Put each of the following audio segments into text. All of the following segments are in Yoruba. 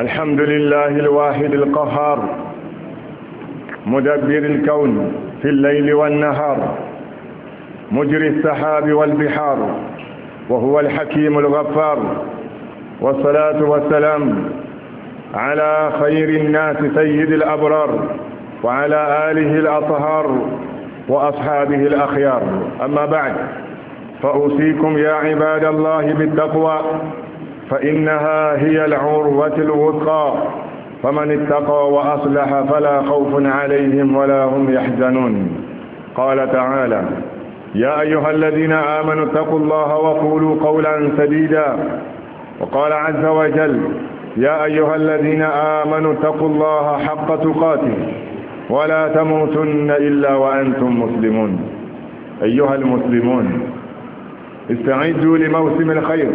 الحمد لله الواحد القهار مدبر الكون في الليل والنهار مجري السحاب والبحار وهو الحكيم الغفار والصلاة والسلام على خير الناس سيد الأبرار وعلى آله الأطهار وأصحابه الأخيار أما بعد فأوصيكم يا عباد الله بالتقوى فإنها هي العروة الوثقى فمن اتقى وأصلح فلا خوف عليهم ولا هم يحزنون قال تعالى يا أيها الذين آمنوا اتقوا الله وقولوا قولا سديدا وقال عز وجل يا أيها الذين آمنوا اتقوا الله حق تقاته ولا تموتن إلا وأنتم مسلمون أيها المسلمون استعدوا لموسم الخير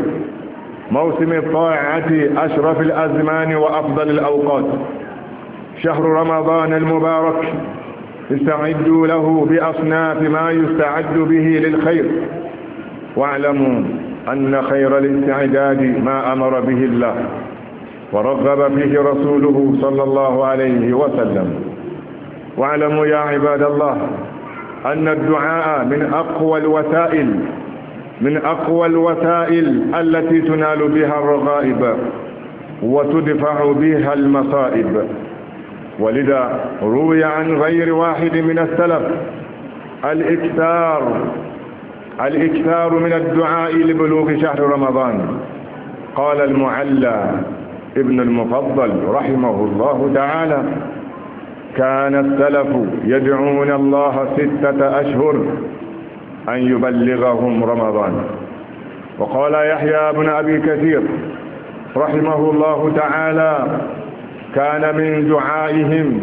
موسم الطاعة أشرف الأزمان وأفضل الأوقات شهر رمضان المبارك استعدوا له بأصناف ما يستعد به للخير واعلموا أن خير الاستعداد ما أمر به الله ورغب به رسوله صلى الله عليه وسلم واعلموا يا عباد الله أن الدعاء من أقوى الوسائل من أقوى الوسائل التي تنال بها الرغائب وتدفع بها المصائب ولذا روي عن غير واحد من السلف الإكثار الإكثار من الدعاء لبلوغ شهر رمضان قال المعلى ابن المفضل رحمه الله تعالى كان السلف يدعون الله ستة أشهر أن يبلغهم رمضان وقال يحيى بن أبي كثير رحمه الله تعالى كان من دعائهم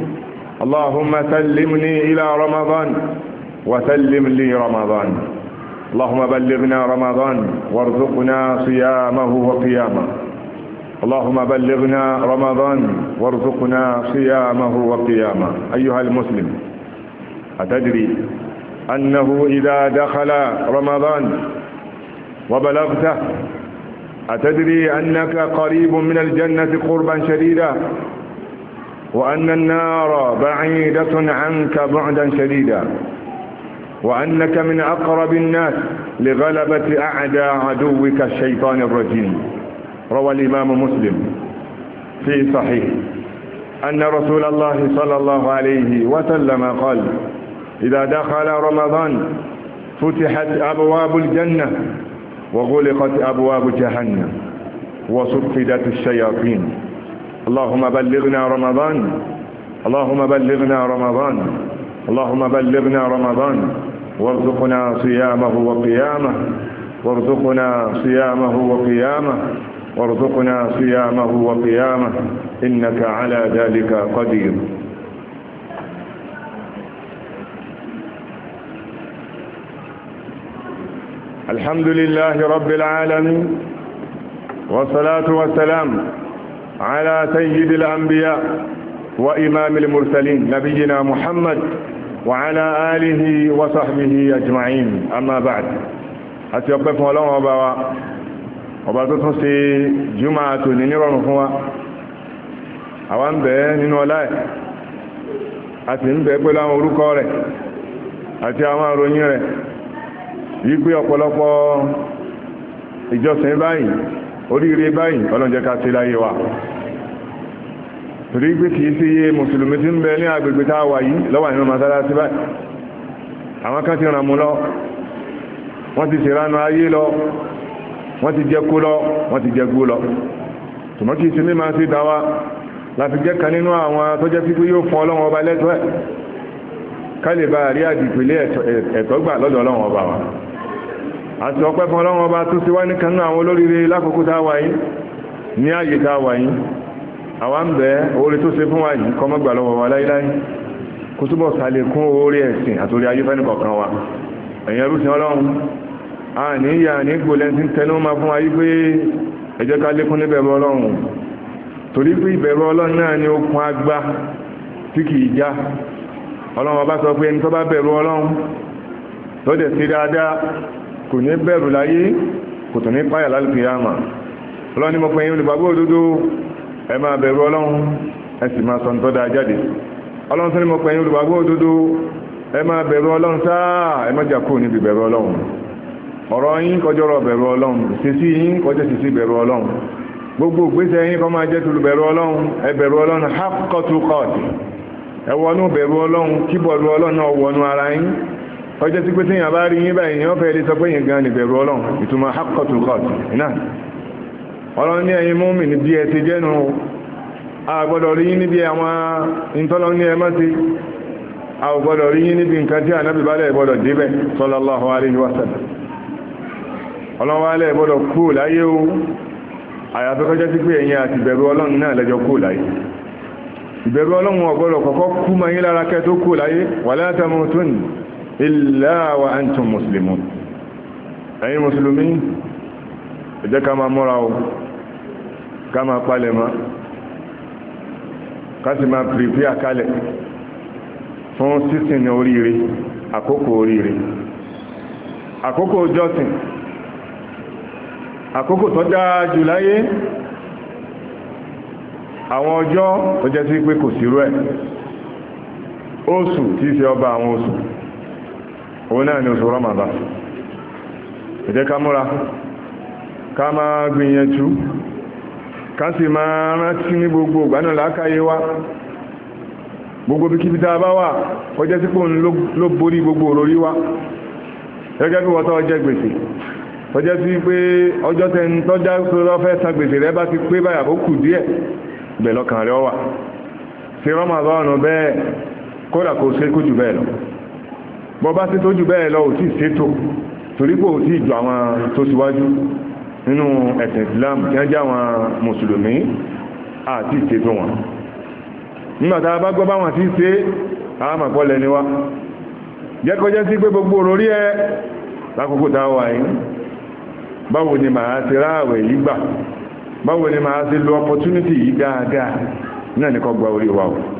اللهم سلمني إلى رمضان وسلم لي رمضان اللهم بلغنا رمضان وارزقنا صيامه وقيامه اللهم بلغنا رمضان وارزقنا صيامه وقيامه أيها المسلم أتدري أنه إذا دخل رمضان وبلغته أتدري أنك قريب من الجنة قربا شديدا وأن النار بعيدة عنك بعدا شديدا وأنك من أقرب الناس لغلبة أعدى عدوك الشيطان الرجيم روى الإمام مسلم في صحيح أن رسول الله صلى الله عليه وسلم قال إذا دخل رمضان فتحت أبواب الجنة وغلقت أبواب جهنم وصفدت الشياطين اللهم بلغنا رمضان اللهم بلغنا رمضان اللهم بلغنا رمضان وارزقنا صيامه وقيامه وارزقنا صيامه وقيامه وارزقنا صيامه وقيامه إنك على ذلك قدير الحمد لله رب العالمين والصلاة والسلام على سيد الأنبياء وإمام المرسلين نبينا محمد وعلى آله وصحبه أجمعين أما بعد أتيقف ولو أبوا وبعد في جمعة نيرون هو àwọn bẹ̀ẹ́ nínú ọlá ẹ̀ àti ń bẹ̀ẹ́ pẹ̀lú àwọn wípé ọ̀pọ̀lọpọ̀ ìjọsìn báyìí oríire báyìí ọlọ́njẹ́ ká sí láyé wa torí pé kìí sí iye mùsùlùmí tí ń bẹ ní agbègbè tá a wà yìí lọ́wà nínú mọ́sálásí báyìí àwọn kan ti ràn mú lọ wọ́n ti ṣèrànà ayé lọ wọ́n ti jẹ́kú lọ wọ́n ti jẹ́kú lọ tùmọ́ kìí sí mímọ̀ sí dáwà láti jẹ́ kan nínú àwọn tó jẹ́ pípé yóò fún ọlọ́wọ́ ọba lẹ́tọ́ ẹ̀ ká lè bá rí àdìpẹ̀lẹ̀ ẹ̀tọ́ lọ́dọ̀ ọlọ́wọ́ ọba wa àti ọpẹ́ fún ọlọ́run ọba tó ti wá ní kanú àwọn olóríire lákòókò tá a wà yìí ní ààyè tá a wà yìí àwa ń bẹ oore tó ṣe fún wa yìí kọ́ mọ́gbà lọ́wọ́ wa láíláí kó túbọ̀ sàlẹ̀ kún oore ẹ̀sìn àtòrí ayé fẹ́ nìkọ̀ọ̀kan wa ẹ̀yin ẹrú sin ọlọ́run a ní ọba sọ pé ẹni tó bá bẹ̀rù ọlọ́run tó dẹ̀ sí dáadáa kò ní bẹ̀rù láyé kò tún ní páyà lálùkìyàmà ọlọ́ni mo pẹ̀yìn olùgbàgbọ́ òdodo ẹ máa bẹ̀rù ọlọ́run ẹ máa sọ nítọ́dá jáde ọlọ́run sọ́ni mo pẹ̀yìn olùgbàgbọ́ òdodo ẹ máa bẹ̀rù ọlọ́run sáà ẹ má jàkó níbi bẹ̀rù ọlọ́run ọ̀rọ̀ yín kọjọ́rọ̀ bẹ̀rù ọlọ́run sísí yín kọjọ́ sísí bẹ̀rù ọlọ́run gbogbo ìgbésẹ̀ yín kó máa jẹ́ tulu bẹ̀rù ọjọ́ sí pé tí yàn bá rí yín báyìí yàn fẹ́ẹ́ lè sọ pé yàn gan ni bẹ̀rù ọlọ́run ìtumọ̀ haqqatul qadr náà ọlọ́run ní ẹ̀yin mọ́mì ní bí ẹ ti jẹ́nu àgbọ́dọ̀ rí yín níbi àwọn ìtọ́lọ́ ní ẹ má ti àgbọ́dọ̀ rí yín níbi nǹkan tí ànábì bá lẹ̀ gbọ́dọ̀ débẹ̀ sallallahu alaihi wasallam ọlọ́run wá illa wa antum muslimun ẹ̀yin mùsùlùmí ẹ jẹ́ ká máa múra o ká máa palẹ̀ mọ́ ká sì máa pìrìpì àkálẹ̀ fún sísìn oríire àkókò oríire àkókò jọ́sìn àkókò tó dáa jù láyé àwọn ọjọ́ tó jẹ́ sí pé kò sírú ẹ̀ oṣù tí í ṣe ọba àwọn oṣù òun náà ni oṣù rọ́màbá ìjẹ́ ká múra ká máa gbìyànjú ká sì máa rántí ní gbogbo yi wa gbogbo bí kíbi tá a bá wà kọjẹ́ sí pòun ló borí gbogbo òrórí wá gẹ́gẹ́ bí wọ́tọ́ ọjẹ́ gbèsè tọ́jẹ́ sí pé ọjọ́ rẹ bá pé kódà kò ṣe bọ́ bá sí tó jù bẹ́ẹ̀ lọ ò tí ṣètò torí pé ò tí jù àwọn tó síwájú nínú ẹ̀sìn Islam tí wọ́n jẹ́ àwọn mùsùlùmí àti ìṣètò wọn nígbàtà bá gbọ́ báwọn tí ṣe àmàpọ̀lẹ̀ ni wá jẹ́kọjẹ́ sí pé gbogbo orí ẹ lákòókò tá wà yìí báwo ni màá ti ráàwẹ̀ yìí gbà báwo ni màá ti lo opportunity yìí dáadáa náà ní kọ́ gba orí wa o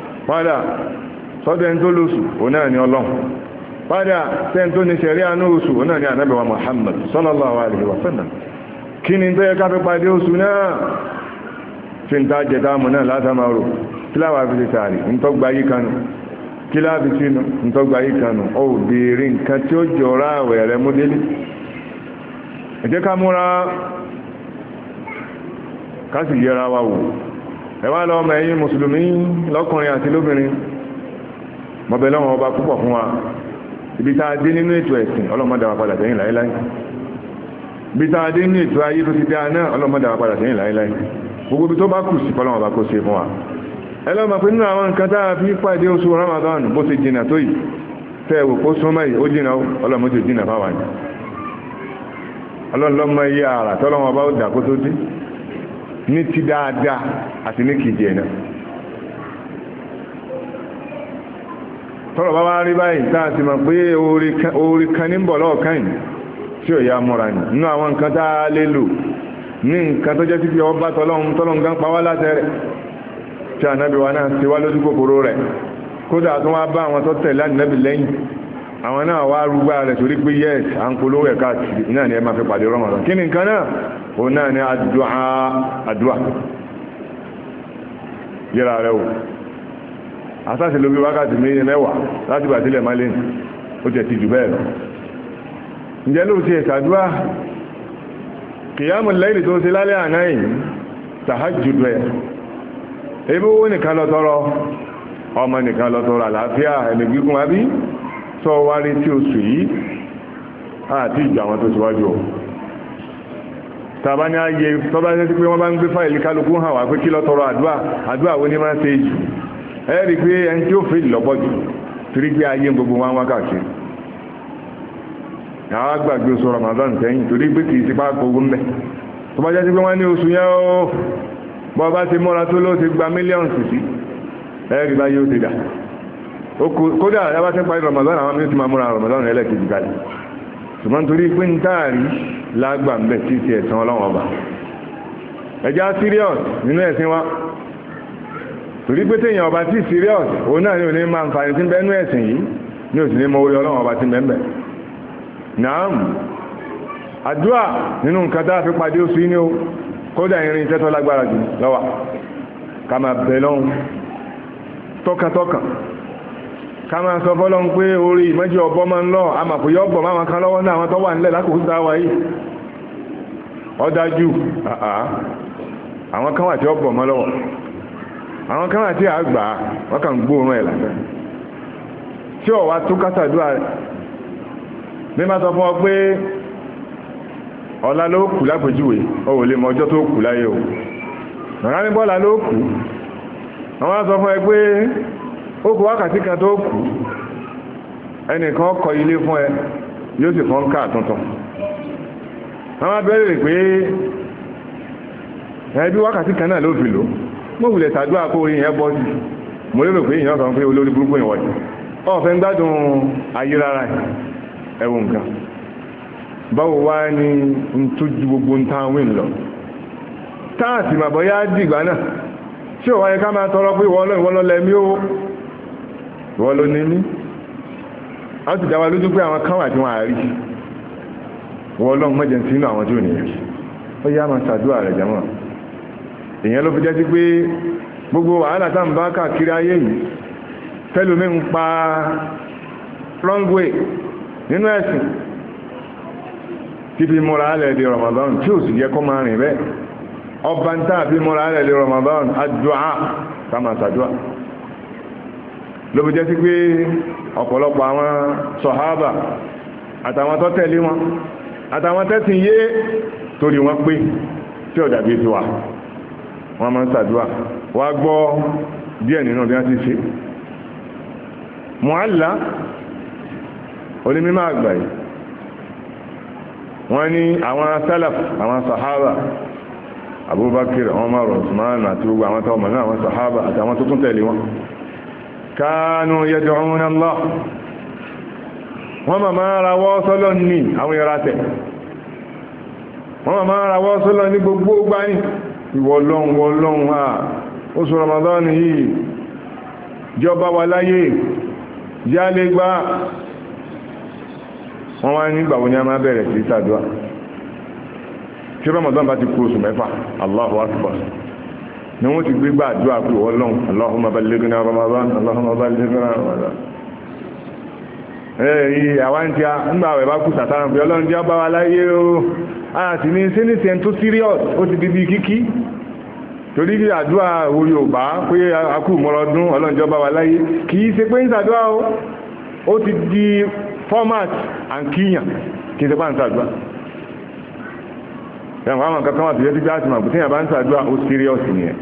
padà sọ́dọ̀ ẹni tó lóṣù òun náà ni ọlọ́run padà sẹ́ni tó ní sẹ̀rí àánú oṣù òun náà ni ànábì wa Muhammad sallallahu alaihi wa sallam kí ni tó yẹ ká fi padì oṣù náà fi ń tàjẹ̀ dáàmù náà látàmàrò kí láwà fi ti tààrí yẹra wa wò ẹwà lọ́mọ ẹ̀yin mùsùlùmí lọ́kùnrin àti lóbìnrin mọ̀bẹ̀ lọ́wọ́ ọba púpọ̀ fún wa ibi tá a dé nínú ètò ẹ̀sìn ọlọ́mọdàwà padà sẹ́yìn láíláí ibi tá a dé nínú ètò ayé tó ti dá náà ọlọ́mọdàwà padà sẹ́yìn láíláí gbogbo ibi tó bá kù sí kọ́lọ́mọba kó ṣe fún wa ẹlọ́mọ pé nínú àwọn nǹkan tá fi pàdé oṣù Ramadan bó ṣe jìnà tó yìí tẹ́ ẹ̀wò kó súnmọ́ yìí ó jìnà ọlọ́mọ tó jìnà fáwọn ọlọ́mọ iye àrà tọ́lọ́mọba ó dà kó tó dé ní ti dáadáa àti ní kìí jẹ̀ẹ́nà tọ́rọ bá wá rí báyìí ti ma pé orí kan ní bọ̀ lọ́ọ̀kan yìí tí ó yá múra ní inú àwọn nǹkan tá a lè lò ní nǹkan tó jẹ́ títí ọba bá àwọn tó àwọn náà wá rúgbà rẹ̀ torí pé à ń polówó ẹ̀ káàkiri náà ni òun náà ni àdúà àdúà yíra rẹ̀ o asáṣe ló bí wákàtí méje mẹ́wàá láti bà sílẹ̀ má lẹ́nu ó jẹ́ ti jù bẹ́ẹ̀ lọ ǹjẹ́ ló ti ẹ̀sàdúà kìyàmù lẹ́yìn tó ń ṣe lálẹ́ àná yìí tàhájùdù ẹ̀ ebi owó nìkan lọ tọrọ ọmọ tàbá ní ayé tọ́bá tẹ́sí pé wọ́n bá ń gbé fáìlì kálukú hàn wá pé kí lọ́tọ̀rọ̀ àdúà àdúà wo ni máa ń ṣe jù ẹ rí pé ẹni tí ó fèèlì lọ́pọ̀ jù torí pé ayé gbogbo wọn wá káàkiri àwọn agbàgbé oṣù Ramadan tẹ́yìn torí pé kì í ti pápá ogun mẹ́ tọ́bá tẹ́sí pé wọ́n ní oṣù yẹn ó bọ́ bá ti múra tó ló ti gba mílíọ̀nù sí ẹ rí bá yóò ti dà kódà ẹ bá ti parí Ramadan àwọn mi ti máa múra Ramadan ẹlẹ́kejì kalẹ̀ ṣùgbọ́n torí lágbà ń bẹ̀ tí ti ẹ̀sán ọlọ́wọ́n ọba ẹjá serious nínú ẹ̀sìn wa torí pé téèyàn ọba tí serious òun náà ni ò ní máa ń fa ẹni tí ń bẹ nú ẹ̀sìn yìí ní òsì ní mọ orí ọlọ́wọ́n ọba tí ń bẹ ń bẹ naam àdúrà nínú nǹkan tá a fi pàdé oṣù ní o kódà irin tẹ́tọ́ lágbára jù lọ́wà ká máa bẹ̀ lọ́hùn tọ́katọ́kàn ká máa sọ pé orí ìmọ́jú ọ̀bọ máa ń lọ àmàpòyọ́ ọ̀bọ̀ máa ma lọ́wọ́ náà na tó wà nílẹ̀ lákòókò wà yìí ọ̀dájú àwọn kan wà tí lọ́wọ́ àwọn kan wà tí a gbà wọ́n ẹ̀ tí ó kù wákàtí kan tó kù ẹnìkan kọ ilé fún ẹ yóò sì fọ́n káà tuntun wọ́n wá pé ẹbí wákàtí kan náà ló fi lò mo wùlẹ̀ tàdúrà kó orin bọ́ sí mo lérò pé olori kan pé olórí burúkú ìwọ̀dì gbádùn ayé rárá ẹ̀wù nǹkan báwo wá ní ń tójú gbogbo ń lọ táàtì màbọ́yá dìgbà náà tí ò wáyé ká máa tọrọ pé wọ́n ó wọ́n ló ní mí a ti dáwà lójú pé àwọn kan wà tí wọ́n àárí wọ́n lọ́n mọ́jẹ sí inú àwọn tí ò ní rí ó yá máa ṣàdúrà rẹ̀ jẹ́mọ́ èèyàn ló fi jẹ́ sí pé gbogbo wàhálà tá ń bá káàkiri ayé yìí tẹ́lómi ń pa wrong nínú ẹ̀sìn fífi múra alẹ́ di Ramadan tí ò sì yẹ kó máa rìn bẹ́ẹ̀ ọba ń tàbí múra alẹ́ di Ramadan àdúà ká máa ṣàdúrà ló fi jẹ́ sí pé ọ̀pọ̀lọpọ̀ àwọn sọ̀hábà àtàwọn tó tẹ̀lé wọn àtàwọn tẹ́sìn yé torí wọn pé tí ọ̀dà bíi tiwa wọn máa ń ṣàdúrà wá gbọ́ díẹ̀ nínú bí wọ́n ti ṣe mọ̀álà onímọ̀ àgbà yìí wọ́n ní àwọn sálàf àwọn sàhábà Abubakar Umar Usman àti gbogbo àwọn tọ́mọ̀ náà àwọn sàhábà àtàwọn tó tún tẹ̀lé wọn كانوا يدعون الله وما ما رواصلني او يراته وما ما رواصلني gbogbo gba ni ìwọ̀lọ́hun wọ̀lọ́hun ha oṣù Ramadan yìí jọba wà láyé já lè gbá wọ́n wá nígbà wo ni a máa bẹ̀rẹ̀ sí tàdúwà tí Ramadan bá ti kú oṣù mẹ́fà Allahu Akbar ni wọ́n ti gbé gbàdúrà pé ọlọ́run Allahumma ballighna Ramadan Allahumma ballighna Ramadan ẹ̀yí àwọn tí a ń gbà wẹ̀ bá kú sàtàrà pé ọlọ́run tí bá wa láyé o a ti ní sínìsẹ̀ tó serious ó ti bíbí kíkí torí bí àdúrà orí ò bá pé akú mọ́rọ̀dún ọlọ́run tí a bá wa láyé kì í o ó ti di format and kíyàn kì í ṣe pá ẹ̀wọ̀n àwọn kankan wà tó yẹ dígbà àtìmọ̀ pùtíyàn bá ń sàdúrà ó serious ni ẹ̀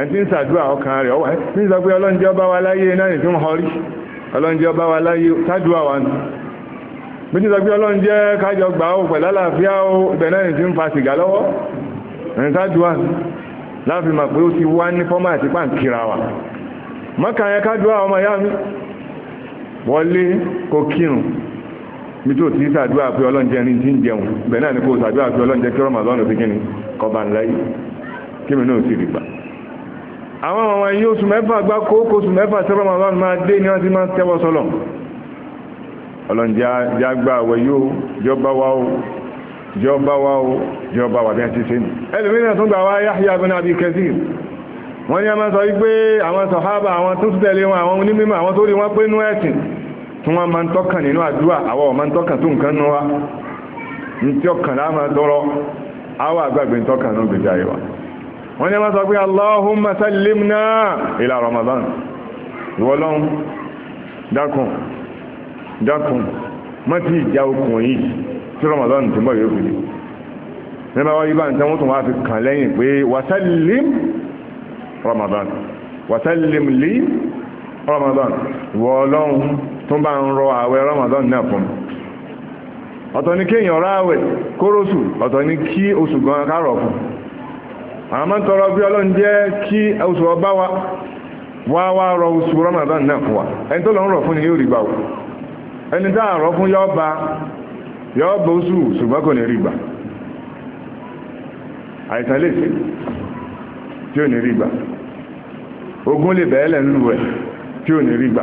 ẹni tí ń sàdúrà ọkàn rẹ̀ ọwọ́ ní sọ pé ọlọ́njẹ́ ọba wa láyé náà ní tí ń họrí ọlọ́njẹ́ ọba wa láyé sádùá wa ní bí ti sọ pé ọlọ́njẹ́ kájọ gbà ó pẹ̀lú àlàáfíà ó ibẹ̀ náà ní tí ń fa sìgá lọ́wọ́ ẹni sádùá láàfin mà pé ó ti bí tó ti sàdúrà pé ọlọ́njẹ́ ní ti ń jẹun bẹ̀ náà ni kó sàdúrà pé ọlọ́njẹ́ kí rọmọdọ́nù fi kíni kọba ńlá yìí kí mi náà sì rí gbà àwọn ọmọ yìí oṣù mẹ́fà gbá kó oṣù mẹ́fà tí rọmọdọ́nù máa dé ní wọ́n ti máa tẹ́wọ́ sọ́lọ̀ ọlọ́njẹ́ jágbà wẹ̀ yóò jọba wa o jọba wa o jọba wa bí wọ́n ti ṣe ní ẹlòmíràn tún gbà wá Yahya bin Abi Kathir wọ́n ní a máa sọ wípé àwọn sàhábà àwọn tó tẹ̀lé wọn àwọn onímọ̀ àwọn tó rí wọn pé nú ẹ̀sìn tí wọ́n máa ń tọ́kàn nínú àdúrà àwọn ọ̀mọ́ ń tọ́kàn tó nǹkan náà wá ní tí ọkàn láàmà tọrọ àwọn àgbàgbé tọ́kàn náà gbèjà ìwà wọ́n ní wọ́n sọ pé Allahumma sallimna ila Ramadan ìwọ́lọ́hun dákùn dákùn má ti ìjà okùn yìí tí Ramadan ti mọ̀ yóò fìdí nígbà wáyé bá ń tẹ́ wọ́n tún wá fi kàn lẹ́yìn pé wasallim Ramadan wasallim li Ramadan ìwọ́lọ́hun tó bá ń rọ Ramadan náà fún mi ọ̀tọ̀ ni korosu ọtọ àwẹ̀ kórósù ọ̀tọ̀ ni kí oṣù gan kárọ̀ fún àmọ́ tọrọ bí ọlọ́run jẹ́ kí oṣù ọba wa wá wá rọ oṣù Ramadan náà fún wa ẹni tó lọ ń rọ̀ fún ni yóò rí gbà wò ẹni tá àrọ̀ fún yọ́ ba yọ́ bó oṣù ṣùgbọ́n kò ní rí gbà àìsàn lè ṣe tí ò ní rí gbà ogun lè bẹ̀ẹ́lẹ̀ ẹ̀ tí ò ní rí gbà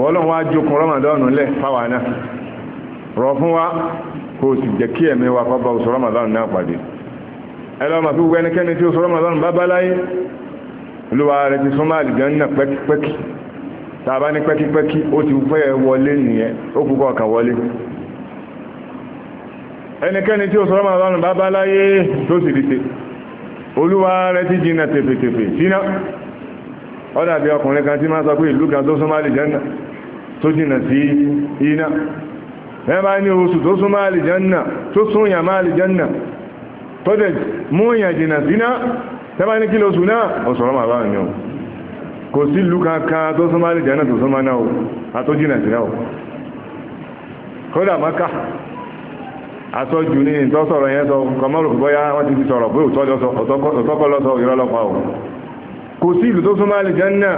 wọ́lọ́n wá jókun rọ́màdánù lẹ̀ fáwà náà rọ̀ fún wa kò sì jẹ́ kí ẹ̀mí wa kọ́ bá oṣù rọ́màdánù náà pàdé ẹlọ́mà tó gbẹ́ ẹnikẹ́ni tí oṣù rọ́màdánù bá bá láyé olúwa rẹ̀ ti súnmọ́ àlìjánná pẹ́kípẹ́kí tá a bá ní pẹ́kípẹ́kí ó ti fẹ́ wọlé nìyẹn ó kú kọ́ ọ̀kan wọlé ẹnikẹ́ni tí oṣù rọ́màdánù bá bá láyé tó sì dìte olúwa rẹ̀ ti jìnnà tèfètèfè síná ó dàbí ọkùnrin kan tí máa sọ pé ìlú kan tó súnmọ́ àlìjẹ́nà tó jìnà sí iná ẹ bá ní oṣù tó súnmọ́ àlìjẹ́nà tó súnyà má àlìjẹ́nà tó dẹ̀ múyà jìnà síná tẹ́bá ní kí lóṣù náà ọ̀sọ̀rọ̀ màá bá ń yàn kò sí ìlú kankan tó súnmọ́ àlìjẹ́nà tó súnmọ́ náà àtójìnà kò sí ìlú tó súnmọ́ àlìjánà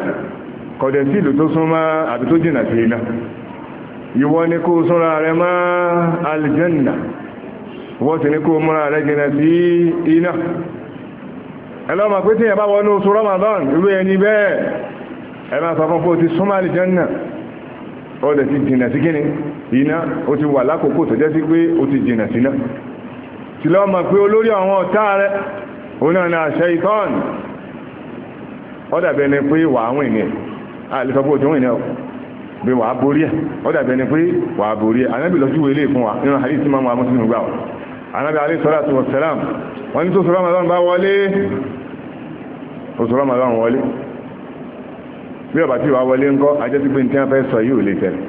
kọ̀dẹ̀ sí ìlú tó súnmọ́ àbí tó jìnà sí iná ìwọ ni kó súnra rẹ mọ́ àlìjánà wọ́n sì ní kó múra rẹ jìnà sí iná ẹlọ́mà pé tí ẹ bá wọnú oṣù Ramadan ìlú ẹni bẹ́ẹ̀ ẹ máa sọ fún fún ti súnmọ́ àlìjánà pé olórí àwọn ọ̀tá rẹ̀ òun ni àṣẹ ìtọ́ọ̀nù ọ̀dàbẹ̀ ni pé wà á wìn ní ẹ̀ àlefọ́pọ̀ òjò wìn ní ọ̀ bí wà á borí ẹ̀ ọ̀dàbẹ̀ ni pé wà á borí ẹ̀ anábì lọ́jú wẹ́lẹ̀ fún wa nínú àyè tí máa mú amúsùlùmí gbà wọ́n anábì alẹ́ sọ́lá tó sẹ́lám wọ́n ní tó sọ́lá màlá bá wọlé òṣùlá màlá wọlé bí ọba tí wà wọlé ńkọ́ ajẹ́ tí pé ní tí wọ́n fẹ́ sọ yìí ò lè tẹ̀lé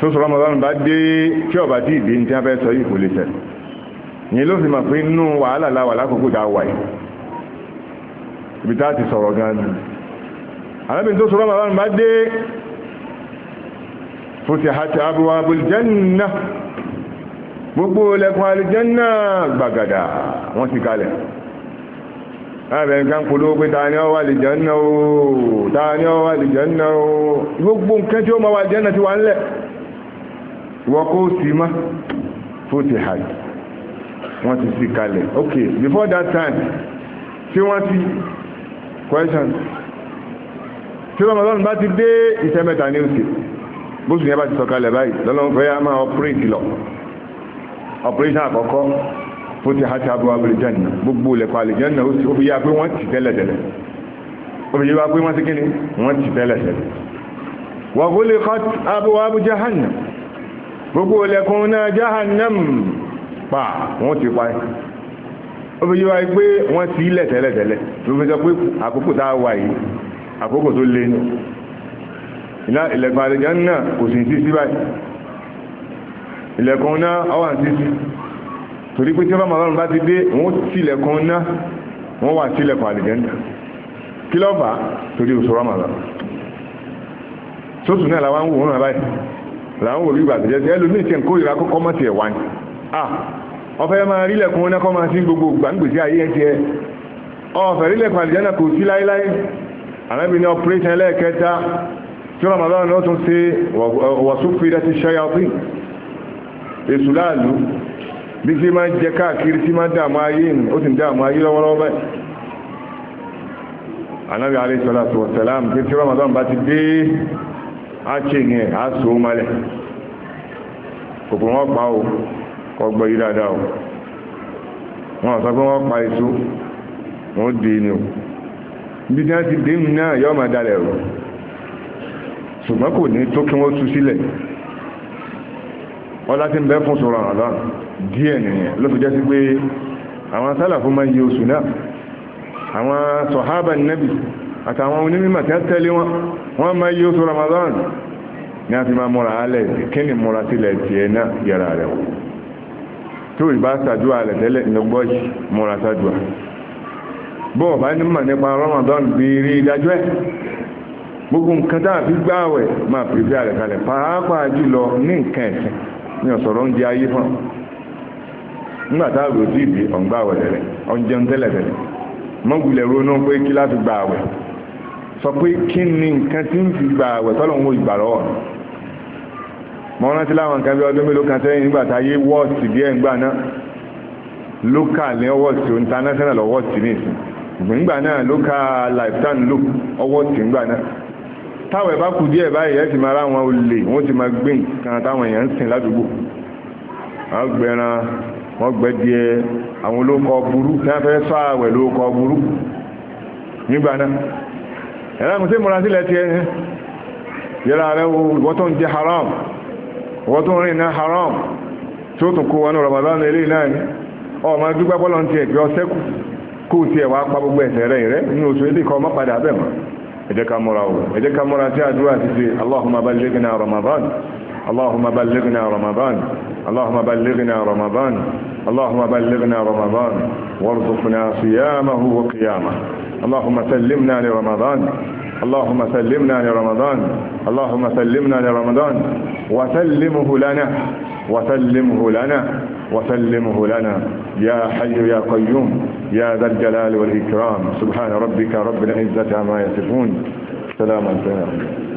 tó sọ́lá màlá bá dé tí ọba tí ìdí ní tí wọ́n fẹ́ sọ yìí kò lè tẹ̀lé yìí ló fi mọ̀ pé nínú wàhálà láwà lákòókò dáwà yìí ibi ti sọ̀rọ̀ gan ni arábìn tó sọ̀rọ̀ màbá bá dé futihat abwabul janna gbogbo lẹ́kùn alìjẹ́nà gbàgàdà wọ́n ti kalẹ̀ láàbẹ̀ nǹkan polówó pé ta wọ́n ti sí kalẹ̀ ok before that time tí wọ́n ti question tí Ramadan bá ti dé iṣẹ́ mẹ́ta ní òsì bóṣù yẹn bá ti sọ̀kalẹ̀ báyìí lọ́lọ́run fẹ́ yá máa operate lọ operation àkọ́kọ́ fún ti hati abu abirijanna gbogbo ilẹ̀kọ̀ àlìjanna ó fi yá pé wọ́n ti tẹ́lẹ̀ tẹ́lẹ̀ ó fi yá pé wọ́n ti kíni wọ́n ti tẹ́lẹ̀ tẹ́lẹ̀ wa ghuliqat abwabu jahannam gbogbo ilẹ̀kùn náà jahannam pa wọ́n ti pa ó fi yí wáyé pé wọ́n ti ilẹ̀ tẹ́lẹ̀tẹ́lẹ̀ ló fi sọ pé àkókò tá a wà yìí àkókò tó lé ní iná ilẹ̀kùn àlejò náà kò sì sí sí báyìí ilẹ̀kùn náà ọwà sí sí torí pé tí wọ́n bá màlọ́run bá ti dé wọ́n ti ilẹ̀kùn náà wọ́n wà sí ilẹ̀kùn àlejò náà kí ló fà torí oṣù Ramadan sóṣù náà làwọn ń wò wọn báyìí làwọn wò rí ìgbà tó jẹ́ ẹlòmíì tí ń kórìíra kọ́kọ́ mọ́ tiẹ̀ wá ní ọ̀fẹ́ máa rílẹ̀kùn wọn kọ́ máa sí gbogbo gbàǹgbèsí ayé ẹ̀jẹ̀ ọ̀fẹ́ rílẹ̀kùn àlìjánà kò sí láíláí ànábì ní ọpẹ́rẹ́sìn ẹlẹ́ẹ̀kẹta tí ramadan náà tún ṣe wọ̀súfìdá ti ṣáyà ọ̀fìn èṣù láàlú bí sí máa jẹ káàkiri tí máa dààmú ayé ó sì ń dààmú ayé lọ́wọ́lọ́wọ́ báyìí ànábì alayhi salatu wa salam pé tí ramadan bá ti dé á ṣe ìyẹn á so malẹ̀ kòkòrò wọn pa o ọgbọ̀ yìí dáadáa wọn sọ pé wọ́n pa èso wọ́n dé ní o bí tí ti dé nù náà yọ́ máa dalẹ̀ o ṣùgbọ́n kò ní tó kí wọ́n tú sílẹ̀ ọlá tí ń bẹ fún sọ̀rọ̀ àlá díẹ̀ nìyẹn ló fi jẹ́ sí pé àwọn sálàfù máa yẹ oṣù náà àwọn sọ̀hábà nẹ́bì àtàwọn onímọ̀ tẹ́ tẹ́lé wọn wọ́n máa yí oṣù Ramadan ní a fi máa múra alẹ́ kí ni múra sílẹ̀ tiẹ̀ náà yẹra rẹ̀ wọ́n tó ìbá sàdúwà rẹ̀ tẹ́lẹ̀ ìlọgbọ́ yìí mọ́ra sàdúwà bọ́ bá ní mọ̀ nípa Ramadan bèèrè ìdájọ́ ẹ̀ gbogbo nǹkan fi máa àrẹ̀ kalẹ̀ pàápàá jùlọ ní nǹkan ẹ̀sìn ní ayé fún nígbà tá tẹ̀lẹ̀ ń tẹ̀lẹ̀ ronú pé kí láti sọ pé kí ni nǹkan mọ́ rántí láwọn nǹkan bí ọdún mélòó kan sẹ́yìn nígbà tá ayé díẹ̀ ńgbà náà local ní ọwọ́ọ̀sì international ọwọ́ọ̀sì ní ìsìn ìgbìngbà náà local lifetime look ọwọ́ọ̀sì náà táwọn ẹ̀bá kù díẹ̀ báyìí ẹ̀ sì máa rá wọn olè wọ́n máa gbé nǹkan táwọn èèyàn ń sìn ládùúgbò wọ́n gbẹran wọ́n gbẹ díẹ̀ àwọn olókọ burú tí wọ́n fẹ́ sọ àwẹ̀ lókọ burú haram wọ́n tó rìn náà haram tí ó tún kó wọnú Ramadan ilé náà ni ọmọ dúpẹ́ bọ́lọ̀ ti ẹ̀gbẹ́ ọsẹ́kù kó o ti ẹ̀wà pa gbogbo ẹ̀ṣẹ̀ rẹ̀ rẹ̀ nínú oṣù ilé kan mọ́padà bẹ̀ mọ́ ẹ jẹ́ ká múra o ti ṣe Allahumma اللهم سلمنا لرمضان اللهم سلمنا لرمضان وسلمه لنا وسلمه لنا وسلمه لنا يا حي يا قيوم يا ذا الجلال والإكرام سبحان ربك رب العزة عما يصفون سلام عليكم